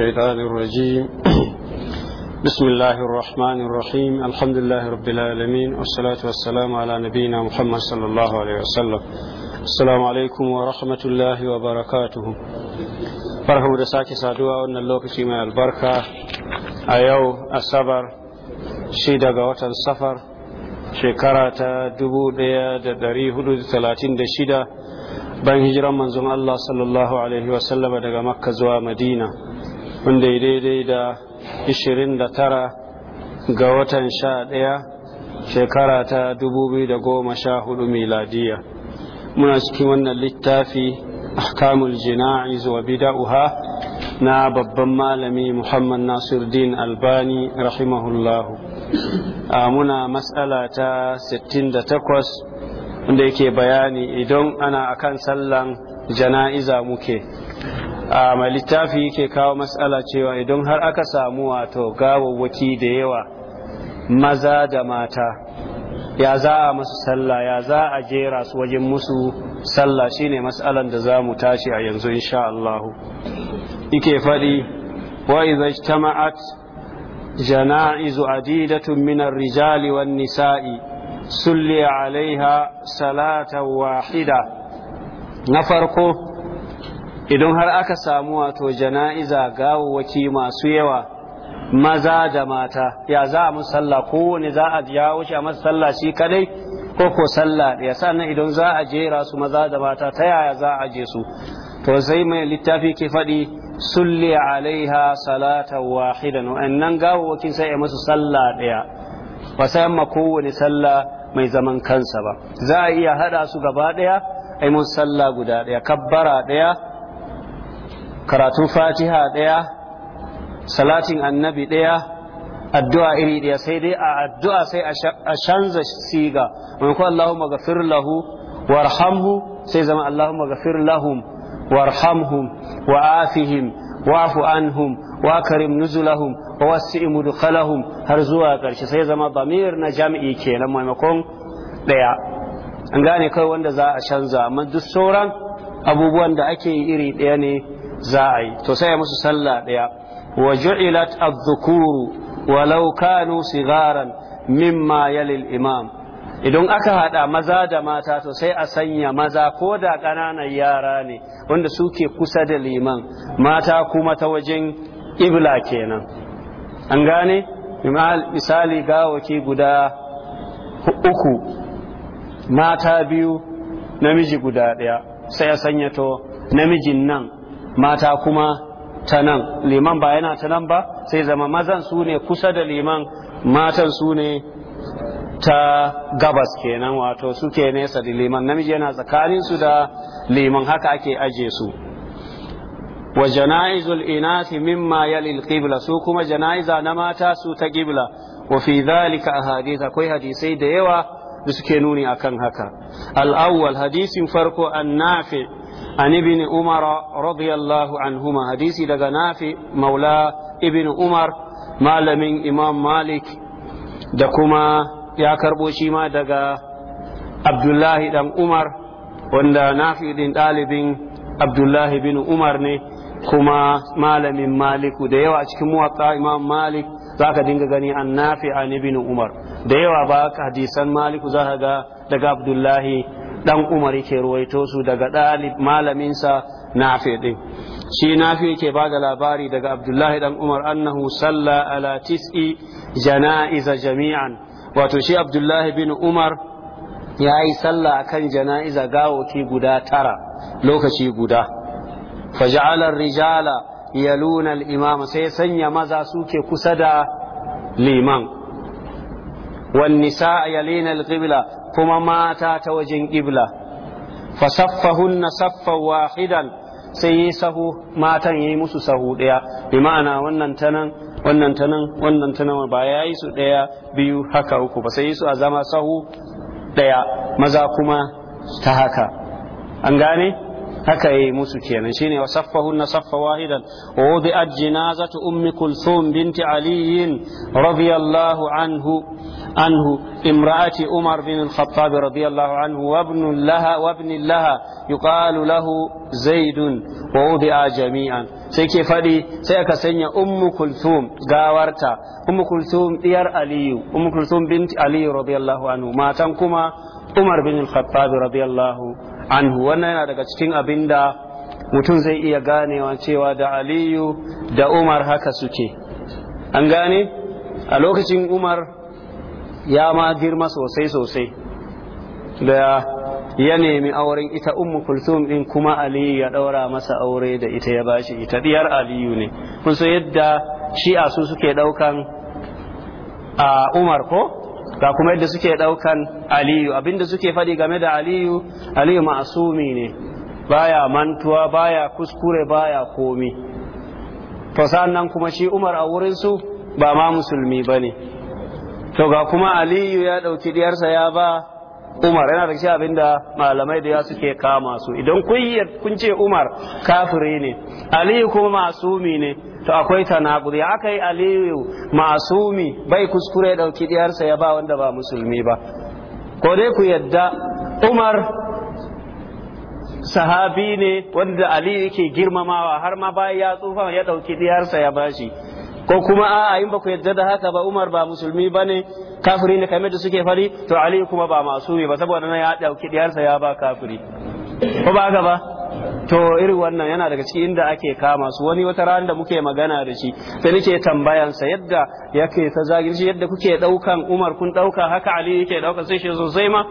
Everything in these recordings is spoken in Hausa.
الشيطان الرجيم بسم الله الرحمن الرحيم الحمد لله رب العالمين والصلاة والسلام على نبينا محمد صلى الله عليه وسلم السلام عليكم ورحمة الله وبركاته da sake saduwa wannan lokaci mai albarka a yau asabar shi daga watan safar shekara ta shida ban hijiran manzon Allah sallallahu alaihi wasallama daga makka zuwa madina wanda ya daidai da 29 ga watan 11 shekara ta 2014 miladiya muna cikin wannan littafi ahkamul jina'iz wa bida'uha na babban malami muhammad din albani rahimahullahu a muna matsala ta 68 wanda yake bayani idan ana akan sallan jana'iza muke mai littafi yake kawo matsala cewa idan har aka samu wato gawawwaki da yawa maza da mata ya za a masu sallah ya za a jera su wajen musu sallah shine matsalan da za mu tashi a yanzu insha Allah yake faɗi wa idza ijtama'at janaizu adidatun min ar-rijali wan nisa'i sulli alaiha salatan wahida na farko idan har aka samu wato jana'iza waki masu yawa maza da mata ya za a musalla kowane za a ya wuce a masalla shi kadai ko ko sallah ɗaya sannan idan za a jera su maza da mata ta yaya za a je su to sai mai littafi ke faɗi sulli alaiha salata wahidan gawo gawawwakin sai a masu salla daya ba sai ma kowane salla mai zaman kansa ba za a iya haɗa su gaba ɗaya a yi sallah guda ɗaya kabbara ɗaya karatun fatiha ɗaya salatin annabi ɗaya addu'a iri ɗaya sai dai a addu'a sai a canza siga maimakon Allahumma gafir lahu warhamhu sai zama Allahumma gafir lahum warhamhum wa afihim wa'fu anhum wa karim nuzulahum wa wasi mudkhalahum har zuwa ƙarshe sai zama damir na jami'i kenan maimakon ɗaya an gane kai wanda za a canza amma duk sauran abubuwan da ake yi iri ɗaya ne za a yi to sai musu sallah ɗaya wa ju'ilat adh-dhukuru walau kanu sigaran mimma yalil imam idan aka hada maza da mata to sai a sanya maza ko da ƙananan yara ne wanda suke kusa da liman mata kuma ta wajen ibla kenan an gane misali gawaki guda uku mata biyu namiji guda ɗaya sai a sanya to namijin nan mata kuma ta nan liman ba yana ta nan ba sai zama mazan su ne kusa da liman matan su ne ta gabas kenan wato suke nesa da liman namiji yana tsakanin su da liman haka ake aje su wa janaizul inasi mimma yalil qibla su kuma janaiza na mata su ta qibla wa fi dhalika ahadith akwai hadisai da yawa da suke nuni a kan haka al'awwal hadisin farko an-nafi an ibn umar radiyallahu anhuma hadisi daga nafi maula ibn umar malamin imam malik da kuma ya karbo shi ma daga abdullahi dan umar wanda nafi din dalibin abdullahi bin umar ne kuma malamin maliku da yawa cikin muwatta imam malik Za ka dinga gani an nafi an ibn umar da yawa ba ka hadisan maliku za ka ga daga abdullahi dan umar yake ruwaito su daga dalib malaminsa nafi din shi nafi yake ba da labari daga abdullahi dan umar annahu salla ala tis'i janaiza jami'an wato shi abdullahi bin umar ya yi sallah kan jana'iza gawoki guda tara lokaci guda faja'alar rijala yaluna al-imam sai sanya maza suke kusa da liman wan nisa yalina al kuma mata ta wajen qibla fasaffahunna saffan wahidan sai yi sahu matan yayi musu sahu daya bi ma'ana wannan tanan wannan tanan wannan tanan ba yayi su daya biyu haka uku ba sai yi su a zama sahu daya maza kuma ta haka an gane haka yi musu kenan shine wa na saffa wahidan wa wudi'at jinazatu ummi kulthum binti ali radiyallahu anhu anhu imra'ati umar bin al-khattab radiyallahu anhu wa ibn laha wa ibn laha yuqalu lahu zaidun wa wudi'a jami'an sai ke fadi sai aka sanya ummu kulthum gawarta ummu kulthum diyar aliyu ummu kulthum binti ali radiyallahu anhu matan kuma umar bin al-khattab radiyallahu anhu wannan yana daga cikin abin da mutum zai iya ganewa cewa da aliyu da umar haka suke an gane a lokacin umar ya ma girma sosai sosai da ya nemi auren ita ummu kulthum din kuma aliyu ya daura masa aure da ita ya bashi ita diyar aliyu ne kun so yadda shi'a su suke daukan a umar ko ga kuma yadda suke ɗaukan aliyu abinda suke faɗi game da aliyu aliyu ma'asumi ne baya mantuwa baya kuskure baya komi to sannan kuma shi umar a wurinsu ba ma musulmi ba ne to ga kuma aliyu ya ɗauki diyarsa ya ba Umar yana da cikin abinda malamai da ya suke kama su idan kun ce Umar kafiri ne Aliyu kuma masumi ne to akwai tanaguri akai aka yi masumi bai kuskure dauki diyarsa ya ba wanda ba musulmi ba ko dai ku yadda Umar sahabi ne wanda Ali yake girmamawa har ma bai ya tsufa ya dauki diyarsa ya bashi ko kuma a'a in ba ku yadda da haka ba Umar ba musulmi bane kafiri ne kamar da suke fari to Aliyu kuma ba masumi ba saboda nan ya dauki diyarsa ya ba kafiri ko ba haka ba to irin wannan yana daga cikin inda ake kama su wani wata ran da muke magana da shi sai nake tambayan sa yadda yake ta zagin shi yadda kuke daukan Umar kun dauka haka Ali yake dauka sai shi sosai ma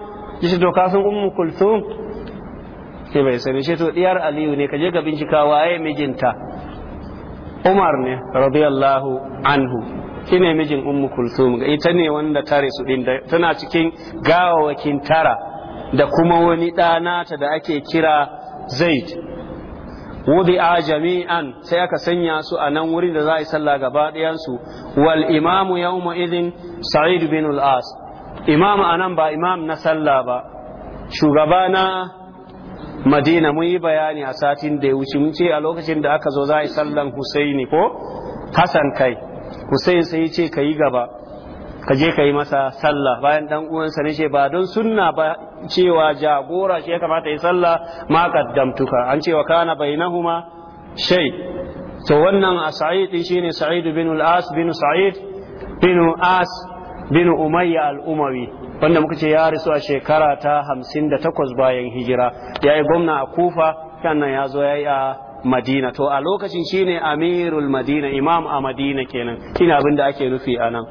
shi to ka san Ummu Kulthum sai bai sani shi to diyar Aliyu ne kaje ga bincika waye mijinta Umar ne radiyallahu anhu ne mijin ummu kulsum ita ne wanda tare su din tana cikin gawawakin tara da kuma wani ɗanata da ake kira zaid a jami'an sai aka sanya su a nan wurin da za a yi sallah gaba ɗayansu wal imamu yawma idin sa'id bin al-as imam nan ba imam na sallah ba shugaba na madina mun yi bayani a satin da ya wuce mun ce a lokacin da aka zo za a yi sallan husaini ko hasan kai Hussein sai ya ce ka yi gaba ka je ka yi masa sallah bayan dan uwansa ne ce ba don sunna ba cewa jagora shi ya kamata yi sallah ma kaddamtuka an cewa kana bainahuma shay to wannan a sa'id shine sa'id bin al-as bin sa'id bin as bin umayya al-umawi wanda muka ce ya rasu a shekara ta 58 bayan hijira yayi gwamna a kufa kana ya zo yayi a madina to a lokacin shine amirul madina imam a madina kenan shine abin da ake nufi a nan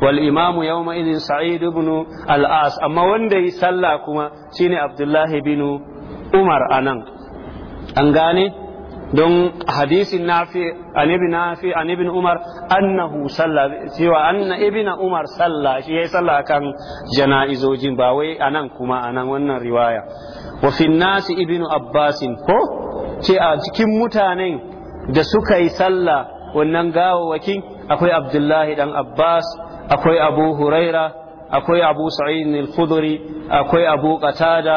wal imamu yawma idin sa'id ibn al as amma wanda yi sallah kuma shine abdullahi bin umar a nan an gane don hadisin nafi an ibn nafi an ibn umar annahu salla cewa anna ibn umar salla shi yayi salla kan jana'izojin ba wai anan kuma anan wannan riwaya wa fi nasi ibn abbasin ko ce a cikin mutanen da suka yi sallah wannan gawawakin akwai abdullahi dan abbas akwai abu huraira akwai abu sa'id al-khudri akwai abu qatada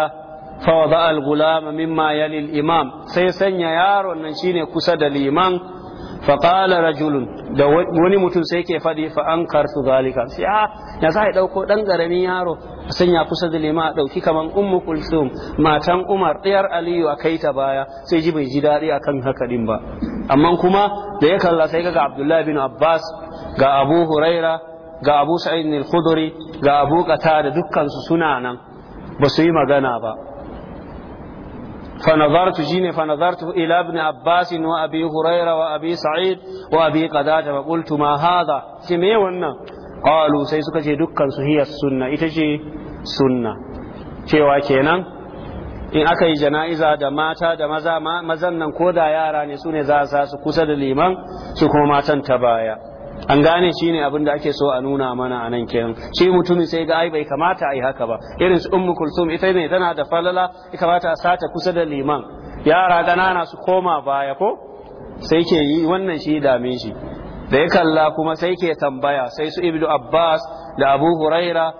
fa wada al-gulam mimma yali al-imam sai sanya yaron nan shine kusa da liman faƙala rajulun da wani mutum sai ke faɗi fa an karsu zalika sai a ah, ya za a ɗauko ɗan ƙaramin yaro a sanya kusa da lima a ɗauki kaman ummu kulsum matan umar ɗiyar aliyu a kai ta baya sai ji bai ji daɗi a kan haka ba amma kuma da ya kalla sai ga abdullahi bin abbas ga abu huraira ga abu sa'id al-khudri ga abu qatada dukkan su suna nan ba su yi magana ba فنظرت جيني فنظرت إلى ابن عباس وأبي هريرة وأبي سعيد وأبي قدادة فقلت ما هذا جميع ونا قالوا سيسك جي دكان هي السنة إتجي سنة cewa kenan in aka yi jana'iza da mata da maza mazan nan ko da yara ne su ne za a sa su kusa da liman su kuma matan ta baya an gane shi ne abin da ake so a nuna mana a nan kenan shi mutumin sai ga ai bai kamata yi haka ba irin su ummu kulsum ita ne tana da falala ya kamata a sata kusa da liman yara ganana su koma baya ko sai ke yi wannan shi dame shi da ya kalla kuma sai ke tambaya sai su ibnu abbas da abu huraira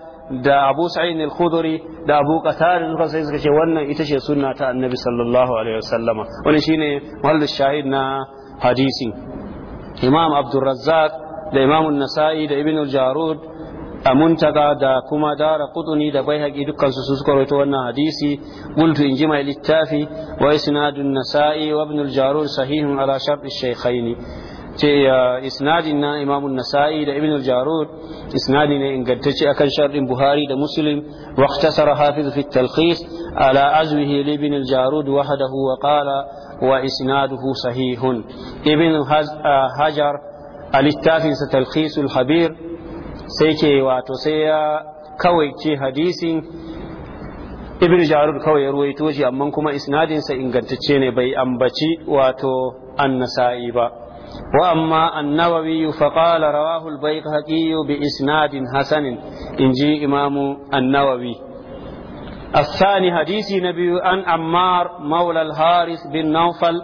da abu sa'id al-khudri da abu qatar duka sai suka ce wannan ita ce sunna ta annabi sallallahu alaihi wasallama wannan shine mahallin shahid na hadisi imam abdurrazzaq da imamun nasa'i da ibn jarud a muntaka da kuma dara kutuni da bai haƙi dukkansu su suka rawaito wannan hadisi qultu in ji mai littafi wa isnadun nasa'i wa ibn jarud sahihun ala shartu shaykhaini ce isnadin na imamun nasa'i da ibn jarud isnadi ne ingantacce akan sharɗin buhari da muslim wa ikhtasara hafiz fi talkhis ala azwihi li ibn jarud wahdahu wa qala wa isnaduhu sahihun ibn hajar a littafinsa talkhisul habir sai ke wato sai ya kawai ce hadisin ibn jarud kawai ya ruwaito shi amma kuma isnadinsa ingantacce ne bai ambaci wato annasa'i ba wa amma annawawi fa qala rawahu al bi isnadin hasanin inji imamu annawawi الثاني حديث نبي عن عمار مولى الحارث بن نوفل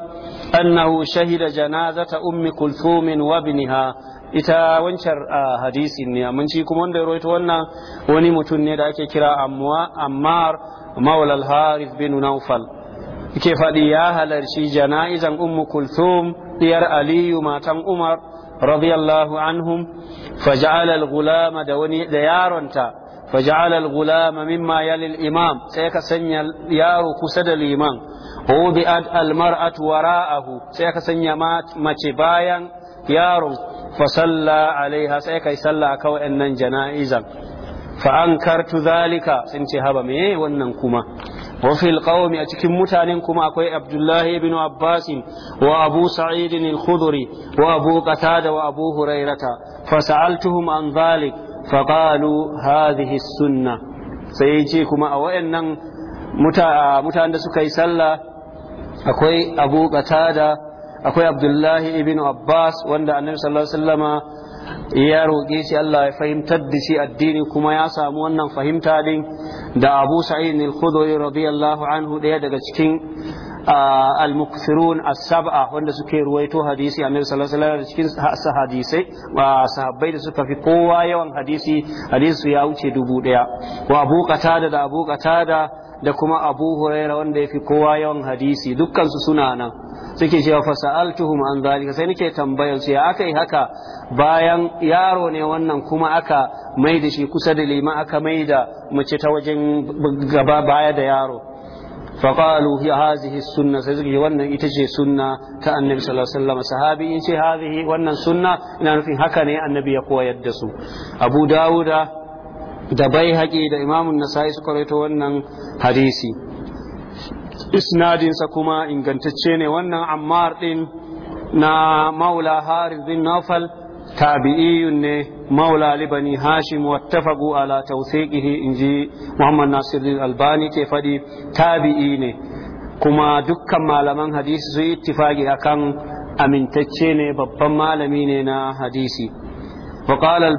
أنه شهد جنازة ummi كلثوم وابنها ita wancan hadisin ne mun ci kuma wanda ya rawaito wannan wani mutum ne da ake kira Ammar Maula al-Harith bin Nawfal yake faɗi ya halarci jana'izan Ummu Kulthum diyar Aliyu matan Umar radiyallahu anhum faja'ala al-ghulama da wani da yaronta فجعل الغلام مما يلي الإمام سيكا سنيا يارو كسد الإمام ووضعت المرأة وراءه سيكا سنيا مات متبايا يارو فصلى عليها سيكا يسلى كو أنن جنائزا فأنكرت ذلك سنتي هبا مي وننكما وفي القوم أتكم متانكما أكوي عبد الله بن عباس وأبو سعيد الخضري وأبو قتادة وأبو هريرة فسألتهم عن ذلك faƙalu hadhihi sunna sai ce kuma a wayannan mutanen da suka yi sallah akwai abu qatada akwai abdullahi ibn abbas wanda annabi sallallahu alaihi wasallama ya roƙe shi Allah ya fahimtar da shi addini kuma ya samu wannan fahimta din da abu sa'id al-khudri radiyallahu anhu daya daga cikin al-muqsirun as-sab'a wanda suke ruwaito hadisi annabi sallallahu alaihi wasallam cikin hadisai wa sahabbai da suka fi kowa yawan hadisi hadisi ya wuce dubu daya wa abu qatada da abu qatada da kuma abu huraira wanda ya fi kowa yawan hadisi dukkansu suna nan suke cewa fasa'altuhum an zalika sai nake tambayar su ya aka yi haka bayan yaro ne wannan kuma aka mai da shi kusa da lima aka mai da mace ta wajen gaba baya da yaro faƙalu hazihi sunna sai suka ce ita ce sunna ta annabi sallallahu alaihi sahabi in ce hazihi wannan sunna ina nufin haka ne annabi ya koyar da su abu dauda da bai haƙi da imamun nasa'i suka ta wannan hadisi isnadinsa kuma ingantacce ne wannan ammar din na maula harith bin nawfal tabi'iyun ne maula li bani hashim wattafaqu ala tawsiqihi inji muhammad nasir albani ke fadi tabi'i ne kuma dukkan malaman hadisi su ittifaqi akan amintacce ne babban malami ne na hadisi wa qala al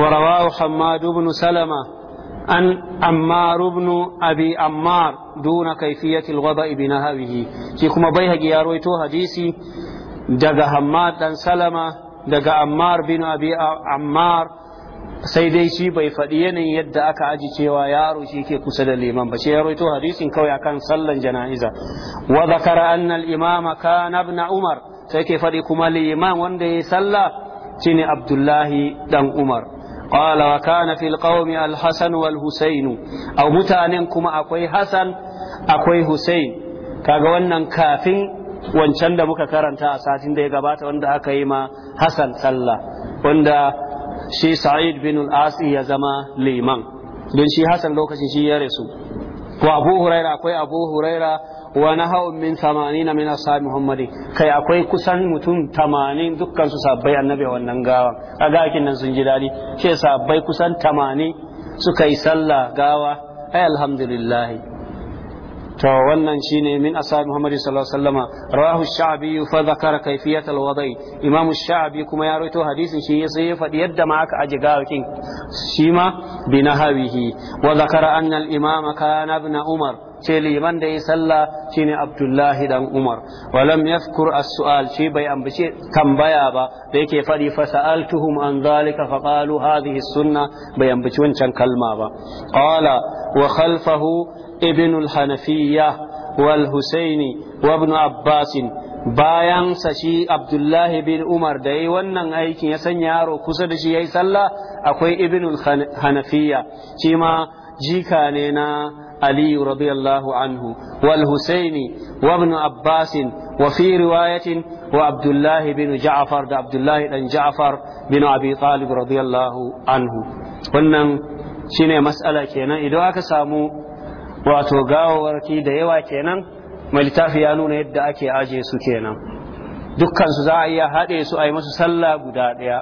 wa rawahu hammad ibn salama abi عمار duna أبي عمار دون كيفية kuma بنهبه كما بيهقي يرويتو hadisi. daga Hammad dan Salama daga Ammar bin Abi Ammar sai dai shi bai faɗi yanayin yadda aka aji cewa yaro shi ke kusa da liman ba Sai ya rawaito hadisin kawai akan sallan jana'iza wa zakara anna al-imam kana ibn Umar sai ke faɗi kuma liman wanda ya sallah shine Abdullahi dan Umar qala wa kana fil qaumi al-Hasan wal Husayn aw mutanen kuma akwai Hasan akwai Husayn kaga wannan kafin wancan da muka karanta a satin da ya gabata wanda aka yi ma Hassan sallah wanda shi Sa'id bin al-Asi ya zama liman don shi Hassan lokacin shi ya rasu ko Abu Huraira akwai Abu Huraira wa nahawun min 80 min ashabi Muhammadi kai akwai kusan mutum tamanin dukkan su sabbai annabi wannan gawa kaga akin nan sun ji dadi shi sabbai kusan tamanin suka yi sallah gawa ai alhamdulillah to wannan shine min ashabi Muhammad sallallahu alaihi wasallam rawahu ash-sha'bi fa dhakara kayfiyat imam shabi kuma ya rawaito hadisin shi sai ya faɗi yadda ma aka aje gawakin shi ma bi nahawihi wa dhakara anna al-imam kana ibn umar ce liman da ya salla shine abdullahi dan umar walam yaskur as-su'al shi bai ambace tambaya ba da yake fadi fa sa'altuhum an zalika fa qalu hadhihi sunna bai ambaci wancan kalma ba qala wa khalfahu ابن الحنفية والحسين وابن عباس bayan sa shi abdullahi bin umar da yi wannan aikin ya san yaro kusa da shi ya yi sallah akwai ibn hanafiya shi ma jika ne na aliyu radiyallahu anhu wal husaini wa abbasin wa fi riwayatin wa abdullahi bin ja'far da abdullahi dan ja'far bin abi talib anhu wannan shine mas'ala kenan idan aka samu wato gawawarki da yawa kenan mai littafi ya nuna yadda ake aje su kenan dukkansu za a iya haɗe su a yi musu sallah guda ɗaya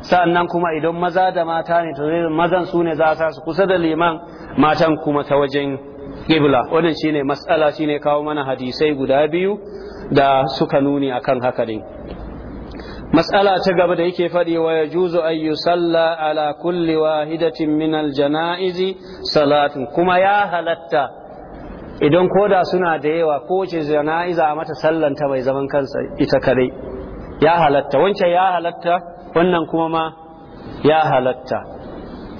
sa'annan kuma idan maza da mata ne to mazan su ne za a su kusa da liman matan kuma ta wajen ƙibla wannan shine matsala shine kawo mana hadisai guda biyu da suka nuni akan haka din. matsala ta gaba da yake faɗi wa yajuzu an yusalla ala kulli wahidatin min aljana'izi salatu kuma ya halatta idan koda suna da yawa ko ce jana'iza a mata sallanta mai zaman kansa ita kadai ya halatta wancan ya halatta wannan kuma ma ya halatta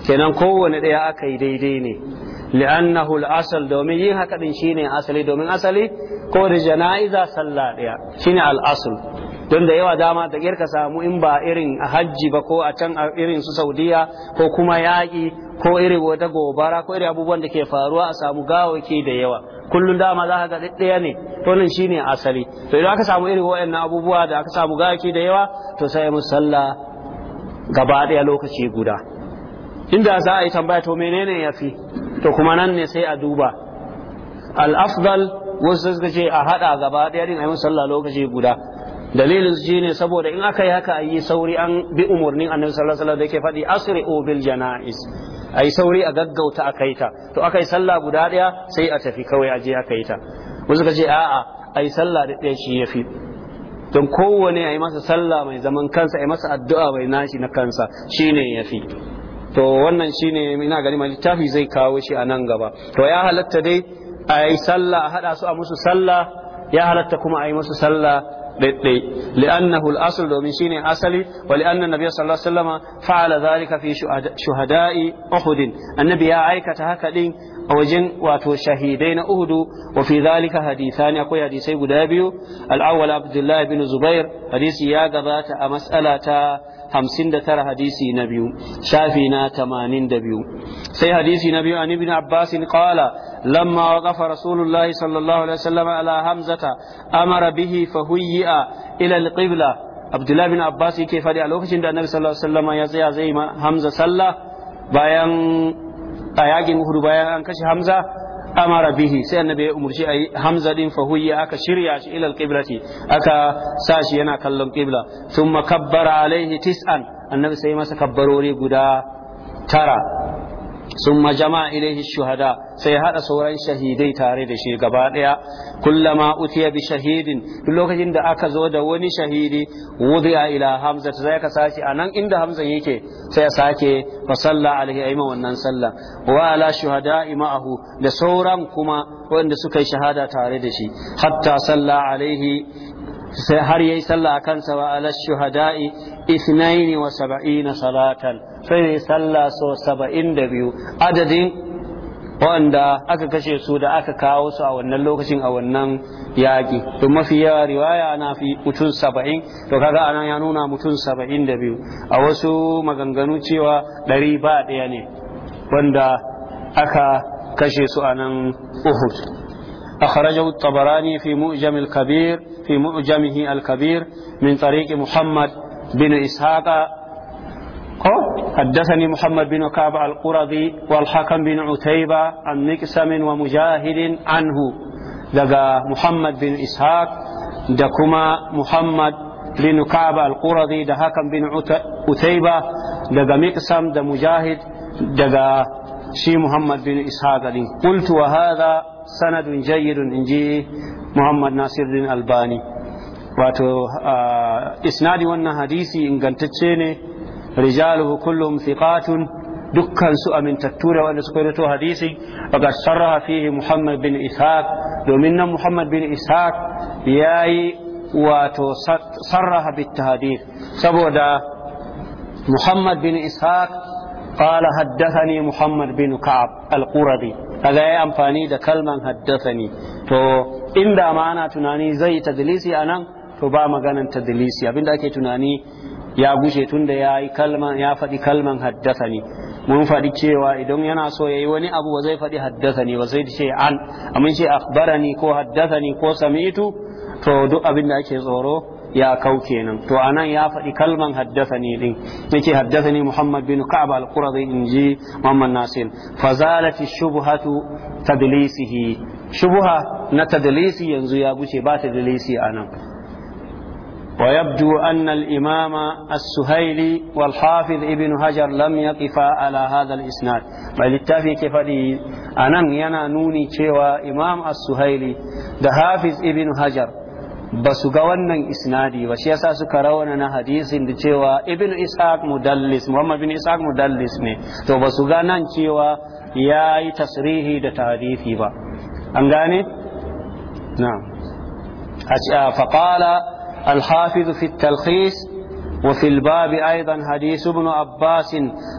kenan kowane daya aka yi daidai ne li'annahu al-asal domin yin haka din shine asali domin asali ko da jana'iza sallah ɗaya shine al don da yawa dama da ka samu in ba irin a hajji ba ko a can a irin su saudiya ko kuma yaƙi ko irin wata gobara ko irin abubuwan da ke faruwa a samu gawaki da yawa kullum dama za ka ga ɗaya ne to nan shine asali to idan aka samu irin waɗannan abubuwa da aka samu gawaki da yawa to sai mu sallah gaba ɗaya lokaci guda inda za a yi tambaya to menene ya fi? to kuma nan ne sai a duba al-afdal wasu suka ce a haɗa gaba ɗaya din a yi sallah lokaci guda dalilin shi ne saboda in aka yi haka a yi sauri an bi umarnin annabi sallallahu alaihi wasallam da yake faɗi asri'u bil jana'is ai sauri a gaggauta a kai ta to aka yi sallah guda daya sai a tafi kawai a je a kai ta wasu ka ce a'a ai sallah da ɗaya shi yafi don kowane a yi masa sallah mai zaman kansa a yi masa addu'a mai nashi na kansa shine yafi to wannan shine ina gani ma littafi zai kawo shi a nan gaba to ya halatta dai a yi sallah a haɗa su a musu sallah ya halatta kuma a yi musu sallah ɗaiɗai li'annahu al-asl domin shine asali wa li'anna nabiyyu sallallahu alaihi wasallam fa'ala dhalika fi shuhada'i uhudin annabi ya aikata haka din a wajen wato shahidai na uhudu wa fi dhalika hadithani akwai hadisai guda biyu al-awwal abdullah ibn zubair hadisi ya gabata a mas'ala ta 59 hadisi na biyu shafi na 82 sai hadisi na biyu an ibn abbas qala lamma waqafa rasulullahi sallallahu alaihi wasallam ala hamzata amara bihi fahuyya ila al-qibla abdullah ibn abbas yake fadi a lokacin da annabi sallallahu alaihi wasallam ya tsaya zai hamza sallah bayan a yakin hudu bayan an kashe Hamza amara bihi sai annabi ya umurci ayi hamza din Fahuyya aka shirya shi ila alqiblati aka sa shi yana kallon qibla thumma kabbara alaihi tis'an annabi sai masa kabbarori guda tara ثم جمع إليه الشهداء سيهاد سوري شهيدي تاريد شي قبادئة كلما أتي بشهيد لوك عند أكزود وني شهيدي وضع إلى همزة زيك ساكي أنا عند همزة يكي سيساكي فصلى عليه أيما ونن صلى وعلى شهداء معه لسورا كما وإن سكي شهادة تاريد شي حتى صلى عليه sai har yayi sallah akan sa wa ala shuhada'i 72 salatan sai yayi sallah so 72 adadin wanda aka kashe su da aka kawo su a wannan lokacin a wannan yaƙi to mafi yawa riwaya na fi mutum saba'in to kaga anan ya nuna mutum saba'in da biyu a wasu maganganu cewa 100 ba ɗaya ne wanda aka kashe su a nan uhud أخرجه الطبراني في مؤجم الكبير في مؤجمه الكبير من طريق محمد بن إسحاق حدثني محمد بن كعب القرظي والحكم بن عتيبة عن مقسم ومجاهد عنه دقا محمد بن إسحاق دكما محمد بن كعب القرظي دهكم بن عتيبة دقا مقسم دمجاهد مجاهد دقا shi Muhammad bin Ishaq din qultu wa hadha sanadun jayyidun inji Muhammad Nasiruddin Albani wato wannan hadisi ingantacce ne rijaluhu kulluhum thiqatun dukkan su amintattu da wanda suka rito hadisi daga domin nan Muhammad bin yayi wato sarraha bit tahdid saboda Muhammad bin قال حدثني محمد بن كعب القرظي kaga yayi amfani da kalman haddathani to inda ma ana tunani zai tadlisi anan to ba maganan tadlisi abinda ake tunani ya gushe tunda yayi kalman ya faɗi kalman haddathani mun faɗi cewa idan yana so yayi wani abu bazai faɗi haddathani ba sai ce an amma ce akhbarani ko haddathani ko sami'tu to duk abinda ake tsoro ya kau kenan to anan ya faɗi kalman haddathani din yace haddathani Muhammad bin Ka'ab al inji Muhammad Nasir fazalat ash-shubhatu tadlisihi shubha na tadlisi yanzu ya guce ba tadlisi anan ويبدو أن الإمام السهيلي والحافظ ابن هجر لم يقفا على هذا الإسناد بل التافي كيف أنا ينا نوني شوى إمام السهيلي ده حافظ ابن هجر ba su ga wannan isnadi ba shi yasa suka rawana na hadisin da cewa ibn ishaq mudallis muhammad bin ishaq mudallis ne to ba su ga nan cewa ya yi tasrihi da tarihi ba an gane na faƙala الحافظ في التلخيص وفي الباب أيضا حديث ابن عباس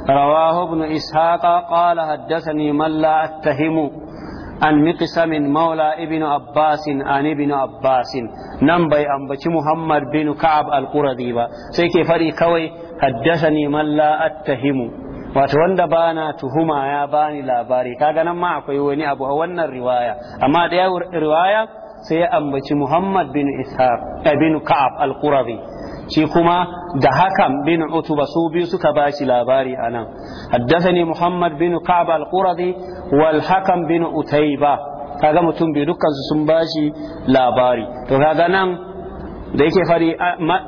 رواه ابن إسحاق قال حدثني من لا أتهم an miqsamin maula Ibnu Abbasin an Ibnu Abbasin nan bai ambaci muhammad bin ka'ab al-quradi ba sai ke fari kawai haddathani man la attahimu wato wanda bana tuhuma ya bani labari kaga nan ma akwai wani abu a wannan riwaya amma da riwaya sai ya ambaci muhammad bin ishaq eh, bin ka'ab al-quradi shi kuma da hakan bin utuba su biyu suka bashi labari a nan. haddathani muhammad bin ka'ab al-quradi wal bin utayba kaga mutum biyu dukkan su sun bashi labari to kaga nan da yake fari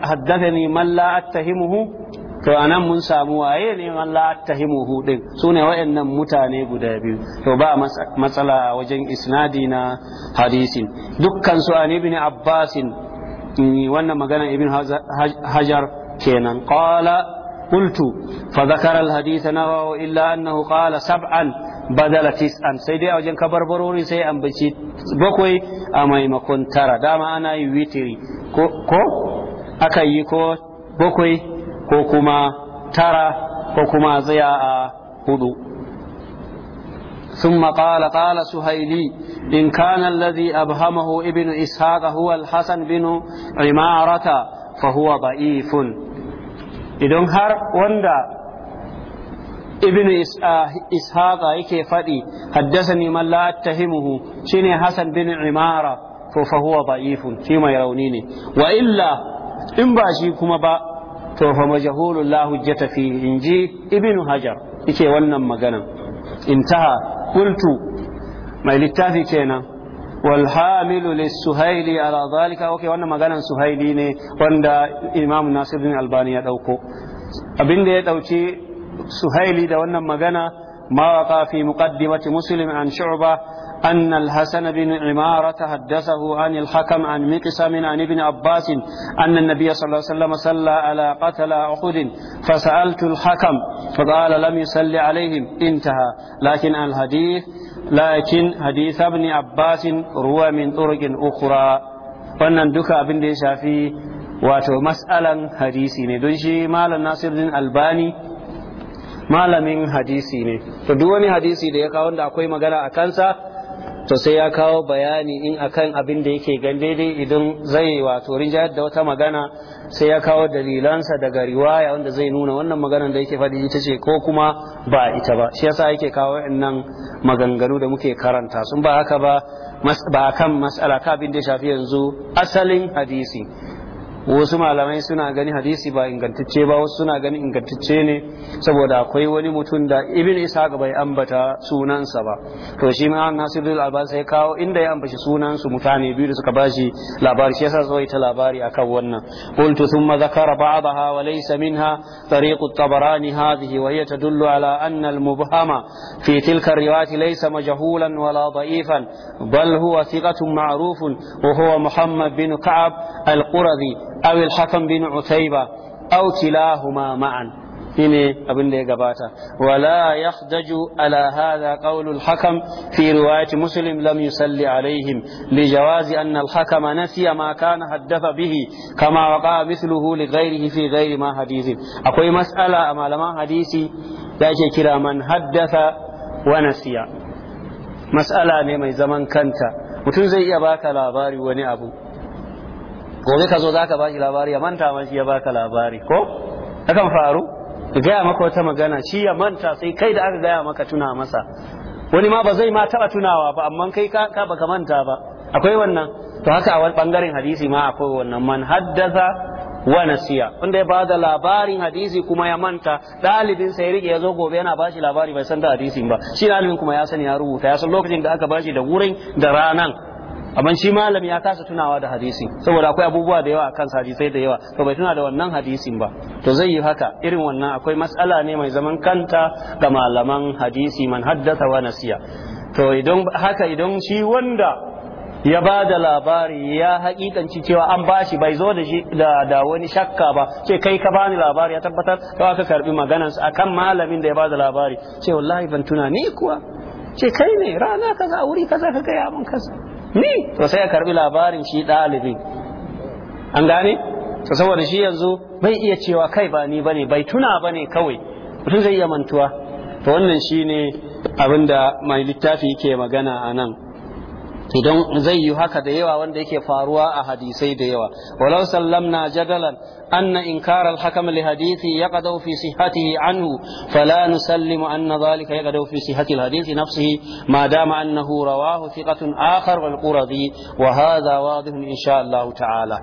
haddathani man la attahimuhu to anan mun samu waye ne man la attahimuhu din sune wayannan mutane guda biyu to ba matsala a wajen isnadi na hadisin dukkan su an ibn abbasin wannan magana ibn hajar kenan qala qultu fa dhakara na hadith nawa wa illa annahu qala sab'an badala tis'an sai dai a wajen kabarbarori sai ambaci bakwai a maimakon tara dama ana yi witiri ko aka yi ko bakwai ko kuma tara ko kuma zaya a hudu ثم قال قال سهيلي إن كان الذي أبهمه ابن إسحاق هو الحسن بن عمارة فهو ضعيف إذن هر وندا ابن إسحاق يكي فدي حدثني من لا أتهمه شيني حسن بن عمارة فهو ضعيف فيما يرونيني وإلا إن باشيكما با فهو مجهول لا حجة فيه إنجي ابن هجر يكي ونم مغنم انتهى kultu mai littafi kenan wal hamilu lis-suhaili ala zalika okay wannan magana suhaili ne wanda imam nasiruddin albani ya dauko abinda ya dauki suhaili da wannan magana ma waqa fi muqaddimati muslim an shu'ba أن الحسن بن عمارة حدثه عن الحكم عن مقسم عن ابن عباس أن النبي صلى الله عليه وسلم صلى على قتل أحد فسألت الحكم فقال لم يصلي عليهم انتهى لكن الحديث لكن حديث ابن عباس روى من طرق أخرى wannan duka abin da ya shafi wato mas'alan hadisi ne don shi malam nasiruddin albani malamin hadisi ne to duk wani hadisi da ya kawo wanda akwai magana a kansa to sai ya kawo bayani in akan abin da yake gan daidai idan zai wato rinjayar da wata magana sai ya kawo dalilansa daga riwaya wanda zai nuna wannan maganar da yake faɗi ita ce ko kuma ba ita ba shi yasa yake kawo nan maganganu da muke karanta sun ba haka ba ba kan mas'ala ka abin da ya shafi yanzu asalin hadisi wasu malamai suna gani hadisi ba ingantacce ba wasu suna gani ingantacce ne saboda akwai wani mutum da ibn ishaq bai ambata sunansa ba to shi ma nasiru albasa sai kawo inda ya ambaci sunansu mutane biyu da suka bashi labari shi yasa zai ta labari akan wannan qultu thumma zakara ba'daha wa laysa minha طريق الطبراني هذه وهي تدل على أن mubhama في تلك الرواية ليس wala ولا ضعيفا bal هو ثقة معروف وهو محمد بن كعب القرذي aw al bin utayba aw kilahuma ma'an shine abin da ya gabata wala yahdaju ala hadha qawlu al-hakam fi riwayat muslim lam yusalli alaihim li jawazi anna al-hakam nasiya ma kana haddatha bihi kama waqa mithluhu li ghayrihi fi ghayri ma akwai mas'ala a malaman hadisi da ake kira man haddatha mas'ala ne mai zaman kanta mutum zai iya baka labari wani abu gobe ka zo zaka bashi labari ya manta ma shi ya baka labari ko hakan faru ka gaya maka wata magana shi ya manta sai kai da aka gaya maka tuna masa wani ma ba zai ma taba tunawa ba amma kai ka baka manta ba akwai wannan to haka a bangaren hadisi ma akwai wannan man haddasa wa nasiya wanda ya bada labarin hadisi kuma ya manta dalibin sai rike ya zo gobe yana bashi labari bai san da hadisin ba shi dalibin kuma ya sani ya rubuta ya san lokacin da aka bashi da wurin da ranan amma shi malam ya kasa tunawa da hadisi saboda akwai abubuwa da yawa akan hadisai da yawa to bai tuna da wannan hadisin ba to zai yi haka irin wannan akwai matsala ne mai zaman kanta ga malaman hadisi man haddasa wa nasiya to idan haka idan shi wanda ya ba da labari ya hakikanci cewa an bashi bai zo da da wani shakka ba ce kai ka bani labari ya tabbatar to aka karbi maganar sa akan malamin da ya ba da labari ce wallahi ban tuna ni kuwa ce kai ne rana kaza wuri kaza ka gaya mun kaza ni to sai ya karbi labarin shi ɗalibin an gane to saboda shi yanzu bai iya cewa kai ba ni bane bai tuna bane kawai mutum zai iya mantuwa to wannan shine abinda mai littafi yake magana a nan idan zai yi haka da yawa wanda yake faruwa a hadisai da yawa walau na jadalan anna inkara al-hakam li ya yaqadu fi sihhatihi anhu fala nusallimu anna dhalika ya fi sihhati al hadisi nafsihi ma dama annahu rawahu thiqatun akhar wal quradi wa hadha insha Allah ta'ala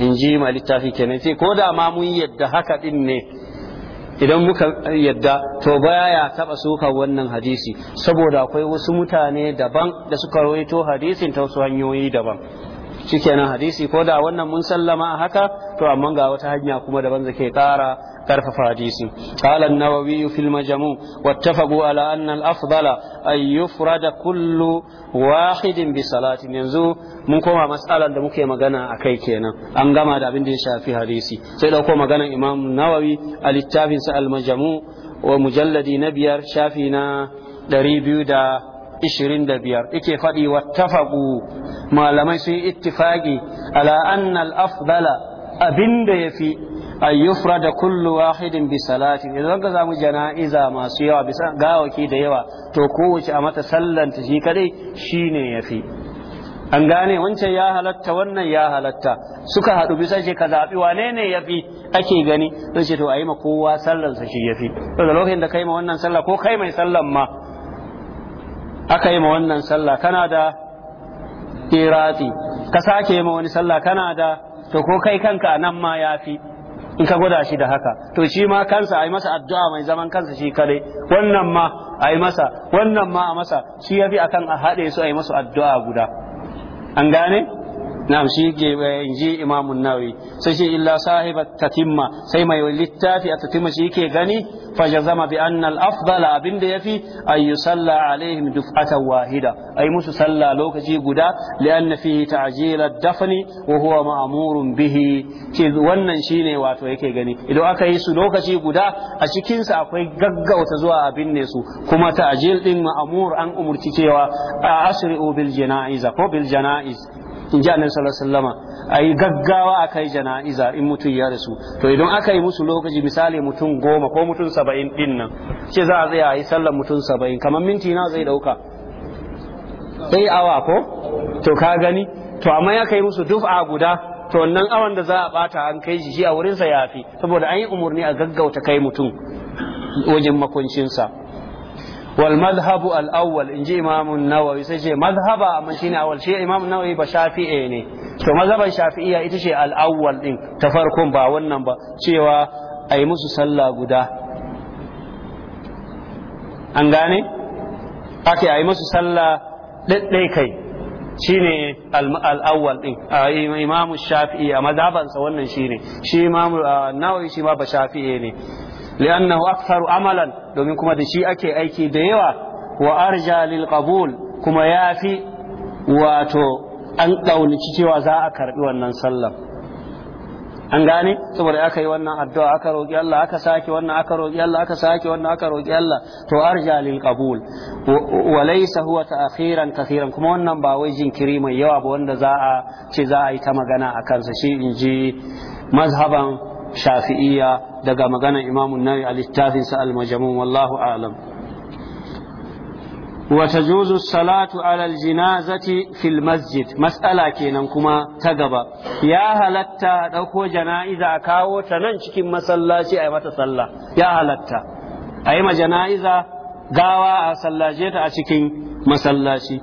in ji ma littafi kenan sai ko da ma mun yadda haka din ne idan muka yadda to baya taba suka wannan hadisi saboda akwai wasu mutane daban da suka rawaito hadisin ta wasu hanyoyi daban shikenan hadisi ko da wannan mun sallama haka to amma ga wata hanya kuma daban zake ke kara karfafa hadisin qala an-nawawi fi al-majmu wattafaqu ala anna al-afdala an yufrada kullu wahidin bi salati yanzu mun koma masalan da muke magana a kai kenan an gama da abin da ya shafi hadisi sai dauko maganar imam nawawi al-ittabi sa al-majmu wa mujalladi nabiyar shafi na 225 yake fadi wattafaqu malamai sun ittifaqi ala anna al-afdala abinda yafi an yufrada kullu wahidin bi salati idan ka zamu jana'iza masu yawa bisa gawaki da yawa to kowace a mata sallanta shi kadai shine yafi an gane wancan ya halatta wannan ya halatta suka haɗu bisa ce ka zaɓi wane ne yafi ake gani zai ce to a yi ma kowa sa shi yafi. to da lokacin da kai ma wannan sallah ko kai mai sallan ma aka yi ma wannan sallah kana da irati ka sake ma wani sallah kana da to ko kai kanka nan ma yafi. fi in ka gwada shi da haka to shi ma kansa a yi masa addu'a mai zaman kansa shi kare wannan ma a yi masa wannan ma a masa shi yafi akan a haɗe su a yi masa addu'a guda an gane na'am shi ke eh, inji imamun nawi sai shi illa sahiba tatimma sai mai littafi a tatimma shi ke gani fa jazama bi anna al afdala abin da yafi ay yusalla alaihim duf'atan wahida ay musu salla lokaci guda li anna fihi ta'jil ad dafni wa huwa ma'murun bihi wannan shine wato yake gani idan aka yi su lokaci guda a cikinsa akwai gaggauta zuwa abin ne su kuma ta'jil din ma'mur an umurci cewa asri'u bil jana'iza ko jana'iz in ji annabi sallallahu alaihi a yi gaggawa a kai jana'iza in mutum ya rasu to idan aka yi musu lokaci misali mutum goma ko mutum saba'in din nan ce za a tsaya a yi sallar mutum saba'in kamar minti na zai dauka sai awa ko to ka gani to amma ya kai musu duf a guda to wannan awan da za a bata an kai shi a wurinsa ya fi saboda an yi umarni a gaggauta kai mutum wajen makuncinsa wal madhhabu al awwal in ji imam nawawi sai ce madhhaba amma shine awal shi imam nawawi ba shafi'i ne to mazhaban shafi'iyya ita ce al awwal din ta farkon ba wannan ba cewa ayi musu sallah guda an gane ake ayi musu sallah daddai kai shine al'awwal din imamu shafi'i a sa wannan shine shi imamu nawawi shi ma ba shafi'i ne li'annahu aktharu amalan domin kuma da shi ake aiki da yawa wa arja lil qabul kuma yafi wato an ƙaunaci cewa za a karbi wannan sallar an gane saboda aka yi wannan addu'a aka roƙi Allah aka sake wannan aka roƙi Allah aka sake wannan aka roƙi Allah to arja lil qabul wa laysa huwa ta'khiran kathiran kuma wannan ba wai jinkiri mai yawa ba wanda za a ce za a yi ta magana akan sa shi inji mazhaban shafi'iyya daga maganar imamun nawi a littafinsa al-majmu wallahu a'lam wa salatu alal, al-janazati fil masjid mas'ala kenan kuma ta gaba ya halatta dauko jana'iza a kawo ta nan cikin masallaci a mata sallah ya halatta a yi ma jana'iza gawa a sallace ta a cikin masallaci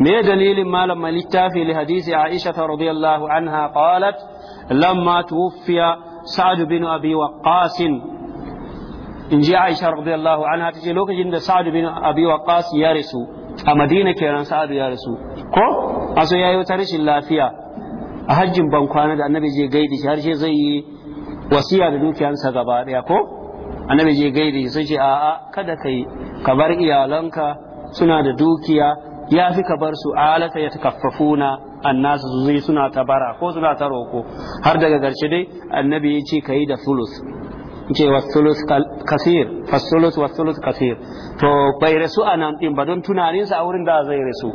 me dalilin malam malittafi li hadisi aisha radiyallahu anha qalat lamma tuwfiya Sa'adu bin abi waqqas in ji aisha radiyallahu anha ce lokacin da Sa'adu bin abi waqqas ya rasu a madina kenan sa'adu ya rasu ko aso yayi wata rashin lafiya a hajjin ban kwana da annabi je gaidi shi har zai yi wasiya da dukiyansa gaba daya ko annabi je gaidi sai ce a'a kada kai ka bar iyalanka suna da dukiya ya fi ka bar su alata ya takaffafuna annasu zai suna ta bara ko suna ta roko har daga garshe dai annabi ya ce ka yi da sulus ce wa sulus kasir fa sulus wa sulus kasir to bai rasu a nan din ba don tunaninsa a wurin da zai rasu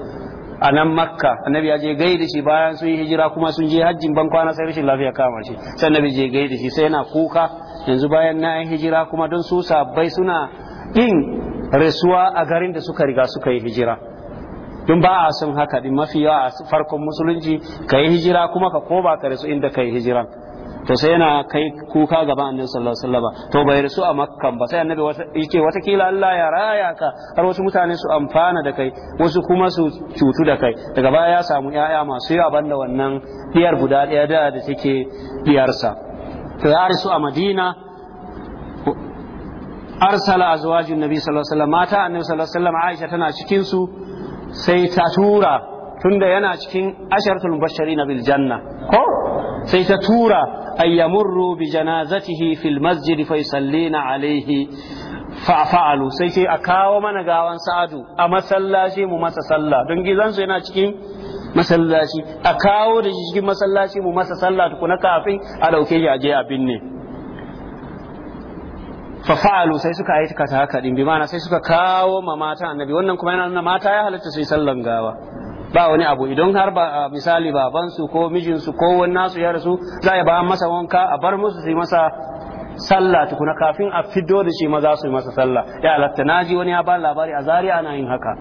a nan makka annabi ya je gaida shi bayan sun yi hijira kuma sun je hajjin ban kwana sai rashin lafiya kama shi sai annabi je gaida shi sai yana kuka yanzu bayan na hijira kuma don su sabbai suna yin rasuwa a garin da suka riga suka yi hijira don ba a son haka din mafi yawa a farkon musulunci ka yi hijira kuma ka koba ka rasu inda ka yi hijiran to sai yana kai kuka gaba annabi sallallahu alaihi wasallam to bai rasu a makkan ba sai annabi yake wata kila Allah ya raya ka har wasu mutane su amfana da kai wasu kuma su cutu da kai daga baya ya samu yaya masu yawa banda wannan diyar guda daya da da take diyarsa to ya rasu a Madina arsala azwajin nabi sallallahu alaihi wasallam mata annabi sallallahu alaihi wasallam Aisha tana cikin su sai ta tura tunda yana cikin asharatul na bil janna ko sai ta tura ay bi janazatihi fil masjid fa yusallina alayhi fa'alu sai sai a kawo mana gawan sa'adu a masallaci mu masa sallah don gizansu yana cikin masallaci a kawo da shi cikin masallaci mu masa sallah tukuna kafin a dauke shi a je a binne fa fa'alu sai suka aikata haka din bi ma'ana sai suka kawo ma mata annabi wannan kuma yana nuna mata ya halatta sai sallan gawa ba wani abu idan har ba misali babansu ko mijinsu ko wani nasu ya rasu za a ba masa wanka a bar musu su yi masa sallah tukuna kafin a fiddo da shi maza su yi masa sallah ya halatta naji wani ya ba labari a zariya ana yin haka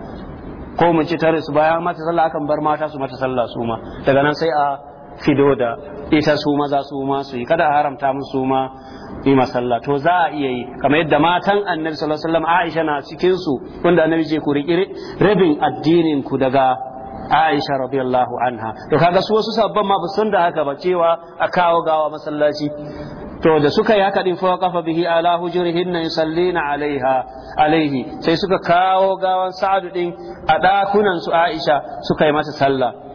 ko mu ci tare su bayan mata sallah akan bar mata su mata sallah su ma daga nan sai a fido da ita su maza su ma su yi kada a haramta musu su ma yi masalla to za a iya yi kamar yadda matan annabi sallallahu alaihi wasallam Aisha na cikin su wanda annabi ce ku riƙi rabin addinin ku daga Aisha radiyallahu anha to kaga su wasu sabban ma san da haka ba cewa a kawo gawa masallaci to da suka yi haka din fa kafa bihi ala hujurihinna yusallina alaiha alaihi sai suka kawo gawan Sa'adu din a dakunan su Aisha suka yi masa sallah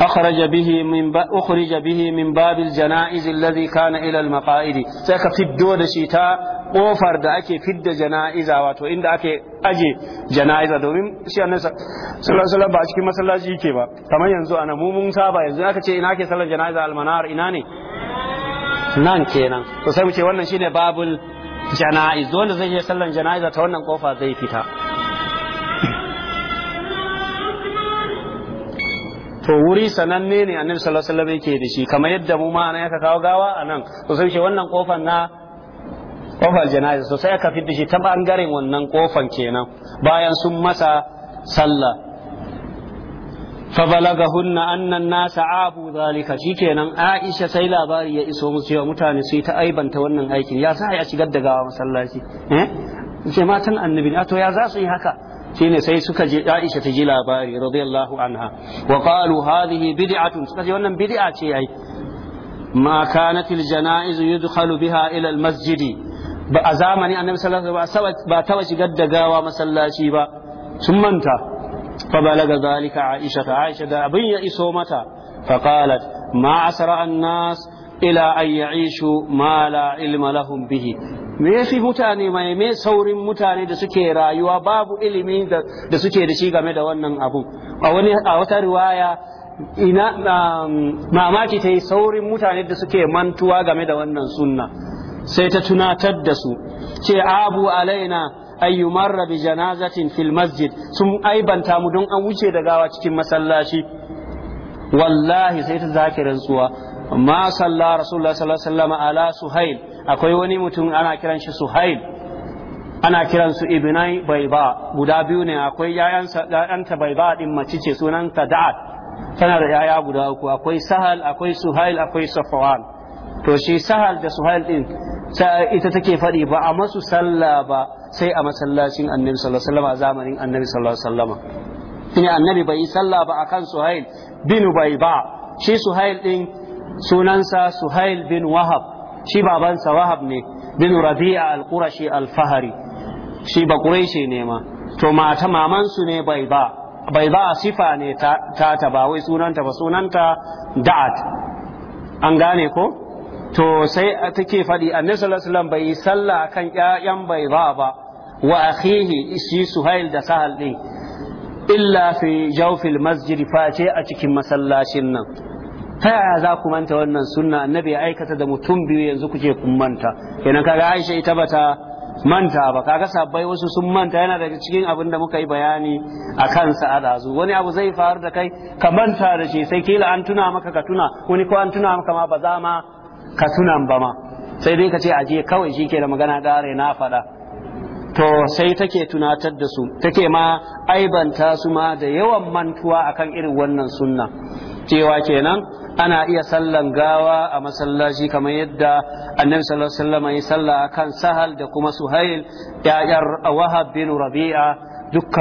أخرج به من أخرج به من باب الجنائز الذي كان إلى المقائد سيك في الدول شتاء قوفر دا أكي في الجنائز واتو إن دا أكي أجي جنائز دومين شيء أنا صلى الله عليه وسلم باشكي مسلا جيكي با كما ينزو أنا مو من سابا ينزو أكي شيء إناكي صلى جنائز المنار إناني nan kenan to sai mu ce wannan shine babul jana'iz wanda zai je sallan jana'iza ta wannan kofa zai fita to wuri sananne ne annabi sallallahu alaihi wasallam yake da shi kamar yadda mu ma nan aka kawo gawa a nan to sai ce wannan kofar na kofar jana'iza to sai aka fidda shi ta bangaren wannan kofan kenan bayan sun masa sallah fa balagahunna anna an-nasa abu zalika shikenan Aisha sai labari ya iso musu cewa mutane su yi ta aibanta wannan aikin ya sa ya shigar da gawa masallaci eh sai matan annabi to ya za su yi haka shine sai suka je Aisha ta ji labari radiyallahu anha wa qalu hadhihi bid'atun suka ji wannan bid'a ce ai ma kanat al janaiz yudkhalu biha ila al masjidi ba a zamani annabi sallallahu alaihi wasallam ba ta shigar da gawa masallaci ba sun manta fa balaga zalika Aisha ta Aisha da abin ya iso mata fa qalat ma asra an nas ila an ya'ishu ma la ilma lahum bihi me fi mutane mai me saurin mutane da suke rayuwa babu ilimi da suke da shi game da wannan abu a wani a wata riwaya ina um, mamaki ta yi saurin mutane da suke mantuwa game da wannan sunna sai ta tunatar da su ce abu alaina ayyu marra bi janazatin fil masjid sun aibanta mu don an wuce da gawa cikin masallaci wallahi sai ta zakirin tsuwa ma salla sallallahu alaihi wasallam ala suhail akwai wani mutum ana kiran shi suhail ana kiran su ibnai baiba guda biyu ne akwai ya'yanta baiba din mace ce sunanta da'at tana da yaya guda uku akwai sahal akwai suhail akwai safwan to shi sahal da suhail din ita take faɗi ba a masu sallah ba sai a masallacin annabi sallallahu alaihi wasallam a zamanin annabi sallallahu alaihi wasallam shine annabi bai yi sallah ba akan suhail bin baiba shi suhail din sunansa suhail bin wahab shi babansa wahab ne bin rabi'a al-qurashi al-fahari shi ba quraishi ne ma to mata su ne bai ba bai ba sifa ne ta ta ba wai sunanta ba sunanta da'at an gane ko to sai take faɗi annabi sallallahu alaihi wasallam bai sallah kan ƴaƴan bai ba ba wa akhihi shi suhail da sahal din illa fi jawfil masjid face a cikin masallacin nan ta yaya za ku manta wannan sunna annabi ya aikata da mutum biyu yanzu kuke kun manta kenan kaga Aisha ita bata manta ba kaga sabbai wasu sun manta yana daga cikin abin da muka yi bayani a kansa a wani abu zai faru da kai ka manta da shi sai kila an tuna maka ka tuna wani ko an tuna maka ma ba za ma ka tunan ba ma sai dai ka ce aje kawai shi ke da magana dare na faɗa to sai take tunatar da su take ma aibanta su ma da yawan mantuwa akan irin wannan sunna cewa kenan ana iya sallan gawa a masallaci kamar yadda annabi sallallahu alaihi wasallam ya salla kan sahal da kuma suhail ya'yar wahab bin rabi'a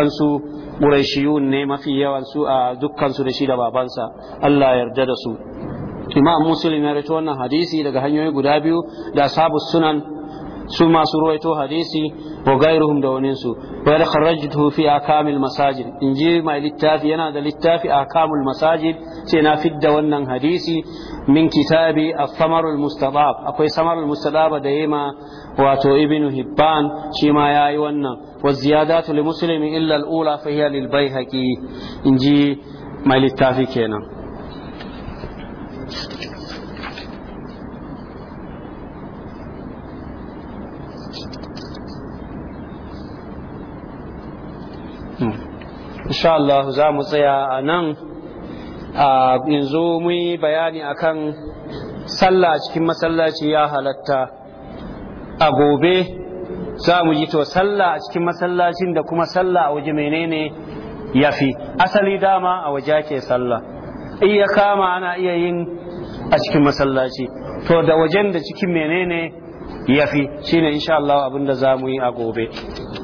su quraishiyun ne mafi yawan su a su da shi da babansa Allah yarda da su imam muslim ya rawaito wannan hadisi daga hanyoyi guda biyu da sabu sunan su masu ruwaito hadisi wa gairuhum da wani su wa da kharrajtuhu fi akamil masajid in ji mai littafi yana da littafi akamul masajid ce na fidda wannan hadisi min kitabi as-samarul mustadab akwai samarul mustadab da yema wato ibnu hibban shi ma yayi wannan wa ziyadatu li muslimi illa al-ula fa hiya lil bayhaqi in ji mai littafi kenan insha Allah za mu tsaya a nan yanzu mu yi bayani akan sallah cikin masallaci ya halatta a gobe za mu ji to sallah a cikin masallacin da kuma sallah a waje menene ya fi asali dama a waje ake sallah iya kama ana iya yin a cikin masallaci to da wajen da cikin menene ya fi shine insha Allah da za mu yi a gobe